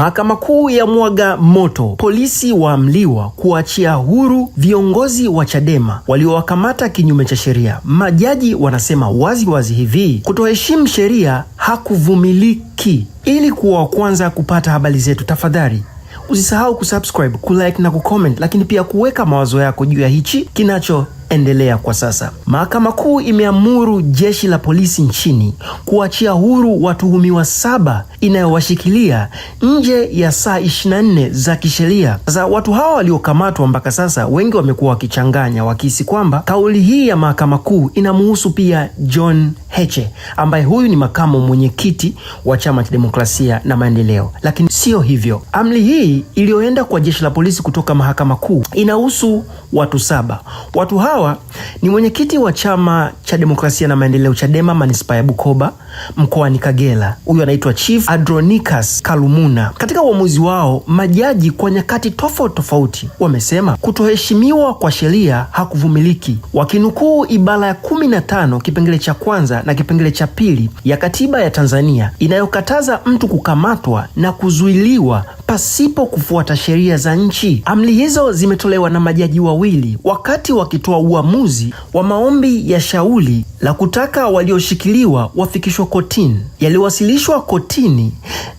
Mahakama Kuu ya mwaga moto, polisi waamliwa kuachia huru viongozi wa Chadema waliowakamata kinyume cha sheria. Majaji wanasema wazi wazi hivi, kutoheshimu sheria hakuvumiliki. Ili kuwa wa kwanza kupata habari zetu, tafadhali usisahau kusubscribe, kulike na kucomment, lakini pia kuweka mawazo yako juu ya hichi kinachoendelea kwa sasa. Mahakama Kuu imeamuru jeshi la polisi nchini kuachia huru watuhumiwa saba inayowashikilia nje ya saa 24 za kisheria. Sasa watu hawa waliokamatwa mpaka sasa, wengi wamekuwa wakichanganya, wakihisi kwamba kauli hii ya Mahakama Kuu inamuhusu pia John Heche ambaye huyu ni makamu mwenyekiti wa Chama cha Demokrasia na Maendeleo, lakini siyo hivyo. Amri hii iliyoenda kwa jeshi la polisi kutoka Mahakama Kuu inahusu watu saba. Watu hawa ni mwenyekiti wa Chama cha Demokrasia na Maendeleo Chadema manispaa ya Bukoba mkoani Kagera, huyu anaitwa Chief adronicus Kalumuna. Katika uamuzi wao, majaji kwa nyakati tofauti tofauti wamesema kutoheshimiwa kwa sheria hakuvumiliki, wakinukuu ibara ya kumi na tano kipengele cha kwanza na kipengele cha pili ya katiba ya Tanzania inayokataza mtu kukamatwa na kuzuiliwa pasipo kufuata sheria za nchi. Amri hizo zimetolewa na majaji wawili wakati wakitoa uamuzi wa maoni maombi ya shauli la kutaka walioshikiliwa wafikishwe kotini yaliwasilishwa kotini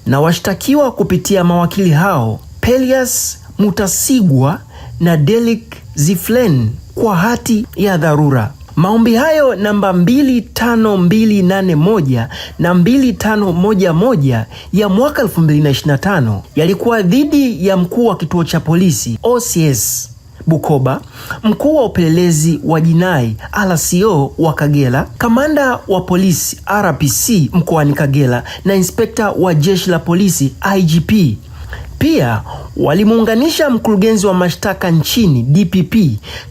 na washtakiwa kupitia mawakili hao Pelias Mutasigwa na Delik Ziflen kwa hati ya dharura. Maombi hayo namba 25281 na 2511 ya mwaka 2025 yalikuwa dhidi ya mkuu wa kituo cha polisi OCS Bukoba, mkuu wa upelelezi wa jinai RCO wa Kagera, kamanda wa polisi RPC mkoani Kagera na inspekta wa jeshi la polisi IGP pia walimuunganisha mkurugenzi wa mashtaka nchini DPP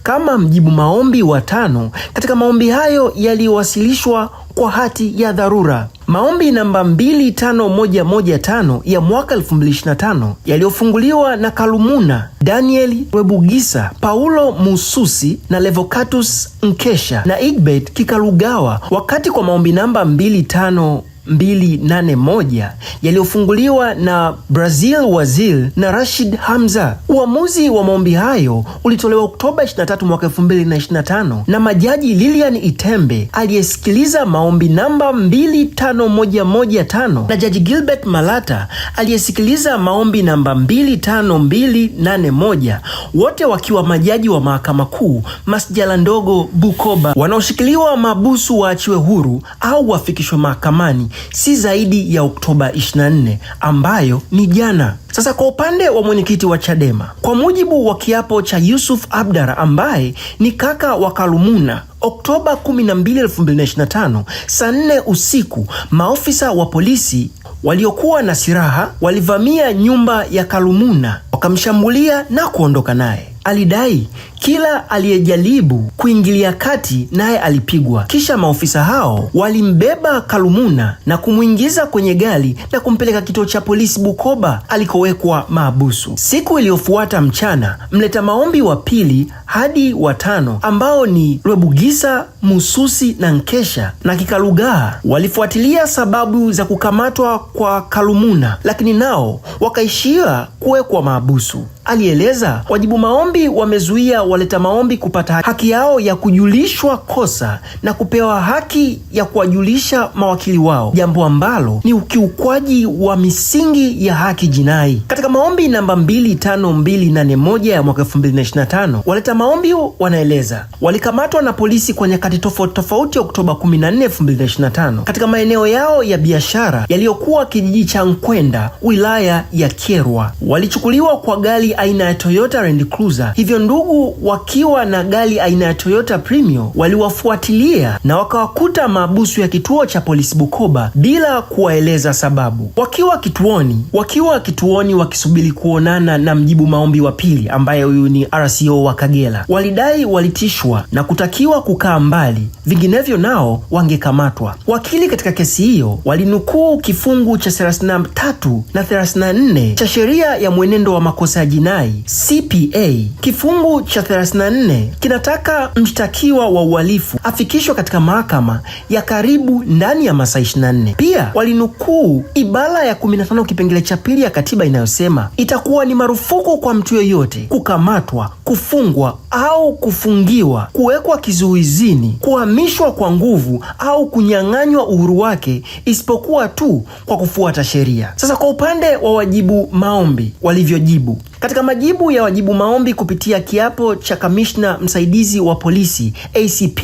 kama mjibu maombi watano katika maombi hayo yaliyowasilishwa kwa hati ya dharura. Maombi namba 25115 ya mwaka 2025 yaliyofunguliwa na Kalumuna Daniel Webugisa, Paulo Mususi na Levocatus Nkesha na Igbet Kikalugawa, wakati kwa maombi namba 25 281 yaliyofunguliwa na Brazil Wazil na Rashid Hamza. Uamuzi wa maombi hayo ulitolewa Oktoba 23 mwaka 2025 na majaji Lilian Itembe aliyesikiliza maombi namba 25115 na jaji Gilbert Malata aliyesikiliza maombi namba 25281, wote wakiwa majaji wa mahakama kuu masjala ndogo Bukoba. Wanaoshikiliwa mabusu waachiwe huru au wafikishwe mahakamani si zaidi ya Oktoba 24 ambayo ni jana. Sasa kwa upande wa mwenyekiti wa Chadema, kwa mujibu wa kiapo cha Yusuf Abdara ambaye ni kaka wa Kalumuna, Oktoba 12, 2025 saa 4 usiku, maofisa wa polisi waliokuwa na silaha walivamia nyumba ya Kalumuna, wakamshambulia na kuondoka naye. Alidai kila aliyejaribu kuingilia kati naye alipigwa. Kisha maofisa hao walimbeba Kalumuna na kumwingiza kwenye gari na kumpeleka kituo cha polisi Bukoba alikowekwa mahabusu. Siku iliyofuata mchana, mleta maombi wa pili hadi watano ambao ni Rwebugisa, Mususi na Nkesha na Kikalugaa walifuatilia sababu za kukamatwa kwa Kalumuna, lakini nao wakaishia kuwekwa mahabusu. Alieleza wajibu maombi maombi wamezuia waleta maombi kupata haki yao ya kujulishwa kosa na kupewa haki ya kuwajulisha mawakili wao, jambo ambalo ni ukiukwaji wa misingi ya haki jinai. Katika maombi namba 25281 ya mwaka 2025, waleta maombi wanaeleza walikamatwa na polisi kwa nyakati tofauti tofauti Oktoba 14, 2025 katika maeneo yao ya biashara yaliyokuwa kijiji cha Nkwenda, wilaya ya Kyerwa. Walichukuliwa kwa gari aina ya Toyota Land Cruiser kuuza. Hivyo ndugu wakiwa na gari aina ya Toyota Premio waliwafuatilia na wakawakuta maabusu ya kituo cha polisi Bukoba bila kuwaeleza sababu. Wakiwa kituoni wakiwa kituoni wakisubiri kuonana na mjibu maombi wa pili ambaye huyu ni RCO wa Kagera, walidai walitishwa na kutakiwa kukaa mbali, vinginevyo nao wangekamatwa. Wakili katika kesi hiyo walinukuu kifungu cha 33 na 34 cha sheria ya mwenendo wa makosa ya jinai CPA Kifungu cha 34 kinataka mshtakiwa wa uhalifu afikishwe katika mahakama ya karibu ndani ya masaa 24. Pia walinukuu ibara ya 15 kipengele cha pili ya katiba inayosema itakuwa ni marufuku kwa mtu yoyote kukamatwa, kufungwa au kufungiwa, kuwekwa kizuizini, kuhamishwa kwa nguvu au kunyang'anywa uhuru wake, isipokuwa tu kwa kufuata sheria. Sasa kwa upande wa wajibu maombi walivyojibu katika majibu ya wajibu maombi kupitia kiapo cha kamishna msaidizi wa polisi ACP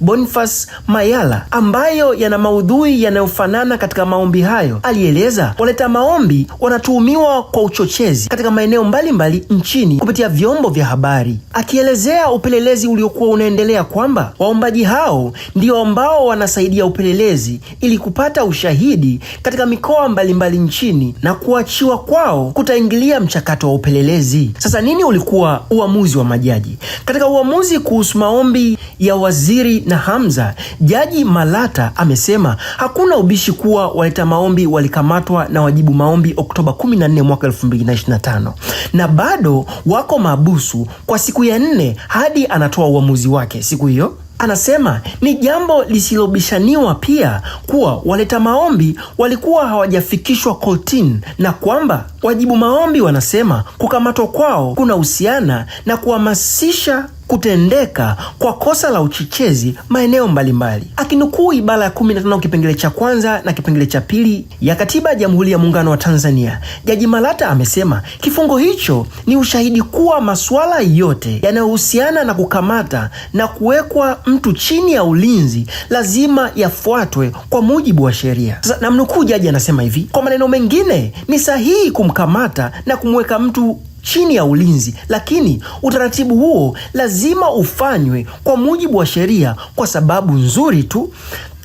Boniface Mayala, ambayo yana maudhui yanayofanana katika maombi hayo, alieleza waleta maombi wanatuhumiwa kwa uchochezi katika maeneo mbalimbali nchini kupitia vyombo vya habari Akiele Ameelezea upelelezi uliokuwa unaendelea kwamba waombaji hao ndio ambao wanasaidia upelelezi ili kupata ushahidi katika mikoa mbalimbali nchini na kuachiwa kwao kutaingilia mchakato wa upelelezi. Sasa nini ulikuwa uamuzi wa majaji? Katika uamuzi kuhusu maombi ya Waziri na Hamza, Jaji Malata amesema hakuna ubishi kuwa waleta maombi walikamatwa na wajibu maombi Oktoba 14 mwaka 2025 na bado wako mabusu kwa siku ya nne nne hadi anatoa uamuzi wake siku hiyo. Anasema ni jambo lisilobishaniwa pia kuwa waleta maombi walikuwa hawajafikishwa kotini na kwamba wajibu maombi wanasema kukamatwa kwao kuna husiana na kuhamasisha kutendeka kwa kosa la uchochezi maeneo mbalimbali. Akinukuu ibara ya 15 kipengele cha kwanza na kipengele cha pili ya Katiba ya Jamhuri ya Muungano wa Tanzania, Jaji Malata amesema kifungo hicho ni ushahidi kuwa masuala yote yanayohusiana na kukamata na kuwekwa mtu chini ya ulinzi lazima yafuatwe kwa mujibu wa sheria. Sasa namnukuu jaji anasema hivi, kwa maneno mengine, ni sahihi kumkamata na kumweka mtu chini ya ulinzi, lakini utaratibu huo lazima ufanywe kwa mujibu wa sheria kwa sababu nzuri tu.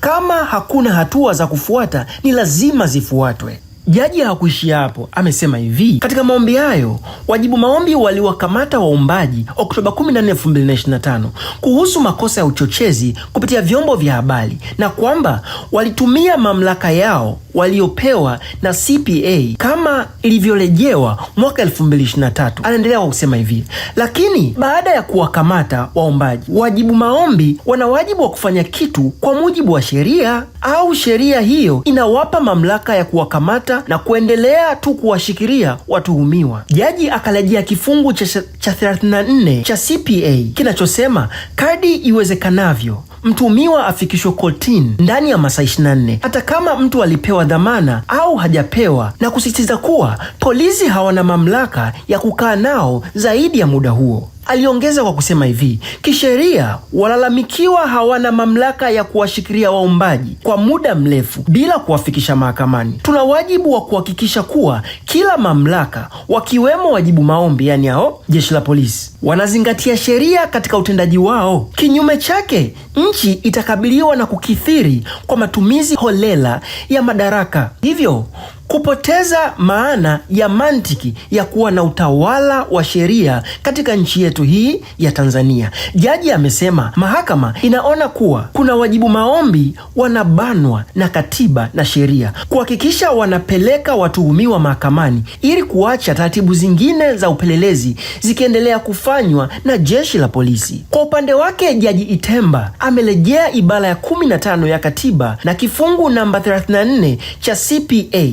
Kama hakuna hatua za kufuata, ni lazima zifuatwe. Jaji hawakuishia hapo, amesema hivi katika maombi hayo, wajibu maombi waliwakamata waumbaji Oktoba 14, 2025 kuhusu makosa ya uchochezi kupitia vyombo vya habari na kwamba walitumia mamlaka yao waliopewa na CPA kama ilivyorejewa mwaka 2023. Anaendelea kwa kusema hivi, lakini baada ya kuwakamata waombaji, wajibu maombi wana wajibu wa kufanya kitu kwa mujibu wa sheria au sheria hiyo inawapa mamlaka ya kuwakamata na kuendelea tu kuwashikilia watuhumiwa. Jaji akarejea kifungu cha 34 cha CPA kinachosema kadi iwezekanavyo mtuhumiwa afikishwe kotini ndani ya masaa 24 hata kama mtu alipewa dhamana au hajapewa, na kusisitiza kuwa polisi hawana mamlaka ya kukaa nao zaidi ya muda huo. Aliongeza kwa kusema hivi, kisheria walalamikiwa hawana mamlaka ya kuwashikilia waombaji kwa muda mrefu bila kuwafikisha mahakamani. Tuna wajibu wa kuhakikisha kuwa kila mamlaka, wakiwemo wajibu maombi, yani hao jeshi la polisi, wanazingatia sheria katika utendaji wao. Kinyume chake, nchi itakabiliwa na kukithiri kwa matumizi holela ya madaraka, hivyo kupoteza maana ya mantiki ya kuwa na utawala wa sheria katika nchi yetu hii ya Tanzania. Jaji amesema mahakama inaona kuwa kuna wajibu maombi wanabanwa na katiba na sheria kuhakikisha wanapeleka watuhumiwa mahakamani ili kuacha taratibu zingine za upelelezi zikiendelea kufanywa na jeshi la polisi. Kwa upande wake, Jaji Itemba amelejea ibara ya 15 ya katiba na kifungu namba 34 cha CPA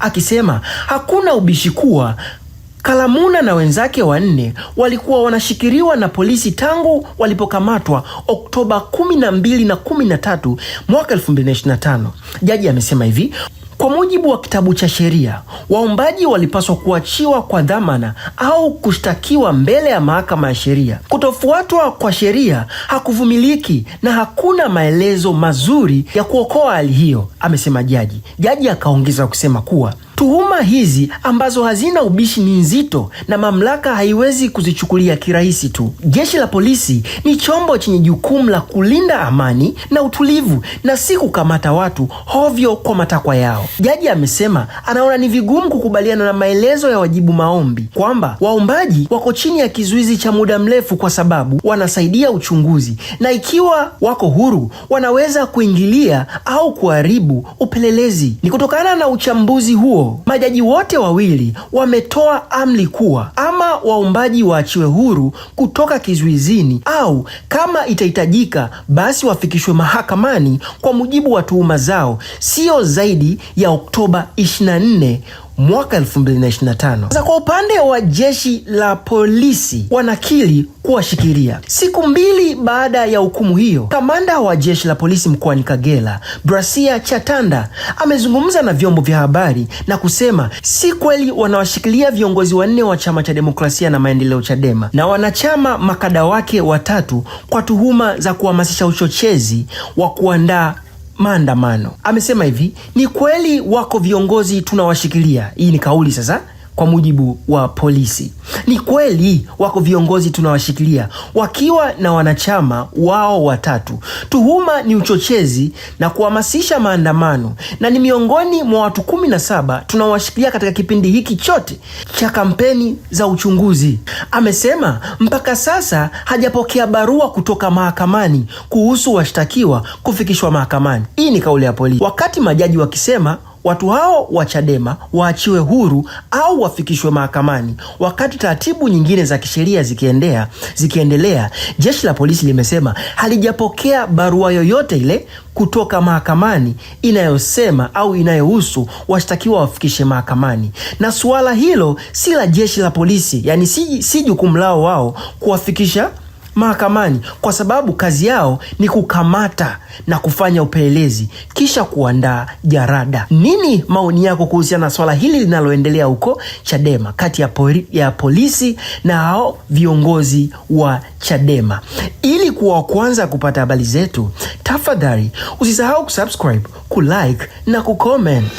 akisema hakuna ubishi kuwa Kalamuna na wenzake wanne walikuwa wanashikiliwa na polisi tangu walipokamatwa Oktoba 12 na 13 mwaka 2025. Jaji amesema hivi: kwa mujibu wa kitabu cha sheria, waombaji walipaswa kuachiwa kwa dhamana au kushtakiwa mbele ya mahakama ya sheria. Kutofuatwa kwa sheria hakuvumiliki na hakuna maelezo mazuri ya kuokoa hali hiyo, amesema jaji. Jaji akaongeza kusema kuwa Tuhuma hizi ambazo hazina ubishi ni nzito na mamlaka haiwezi kuzichukulia kirahisi tu. Jeshi la polisi ni chombo chenye jukumu la kulinda amani na utulivu na si kukamata watu hovyo kwa matakwa yao. Jaji amesema anaona ni vigumu kukubaliana na maelezo ya wajibu maombi kwamba waombaji wako chini ya kizuizi cha muda mrefu kwa sababu wanasaidia uchunguzi na ikiwa wako huru wanaweza kuingilia au kuharibu upelelezi. Ni kutokana na uchambuzi huo majaji wote wawili wametoa amri kuwa ama waombaji waachiwe huru kutoka kizuizini au kama itahitajika basi wafikishwe mahakamani kwa mujibu wa tuhuma zao, sio zaidi ya Oktoba 24 mwaka 2025. Sasa kwa upande wa jeshi la polisi wanakili kuwashikilia. Siku mbili baada ya hukumu hiyo, kamanda wa jeshi la polisi mkoani Kagera Brasia Chatanda amezungumza na vyombo vya habari na kusema si kweli wanawashikilia viongozi wanne wa chama cha demokrasia na maendeleo Chadema na wanachama makada wake watatu kwa tuhuma za kuhamasisha uchochezi wa kuandaa maandamano. Amesema hivi, ni kweli wako viongozi tunawashikilia. Hii ni kauli sasa kwa mujibu wa polisi. Ni kweli wako viongozi tunawashikilia wakiwa na wanachama wao watatu. Tuhuma ni uchochezi na kuhamasisha maandamano, na ni miongoni mwa watu kumi na saba tunawashikilia katika kipindi hiki chote cha kampeni za uchunguzi. Amesema mpaka sasa hajapokea barua kutoka mahakamani kuhusu washtakiwa kufikishwa mahakamani. Hii ni kauli ya polisi, wakati majaji wakisema watu hao wa Chadema waachiwe huru au wafikishwe mahakamani. Wakati taratibu nyingine za kisheria zikiendea zikiendelea, jeshi la polisi limesema halijapokea barua yoyote ile kutoka mahakamani inayosema au inayohusu washtakiwa wafikishe mahakamani, na suala hilo si la jeshi la polisi, yani si, si jukumu lao wao kuwafikisha mahakamani, kwa sababu kazi yao ni kukamata na kufanya upelelezi kisha kuandaa jarada. Nini maoni yako kuhusiana na swala hili linaloendelea huko Chadema kati ya, poli, ya polisi na hao viongozi wa Chadema? Ili kuwa kwanza kupata habari zetu, tafadhali usisahau kusubscribe, kulike na kucomment.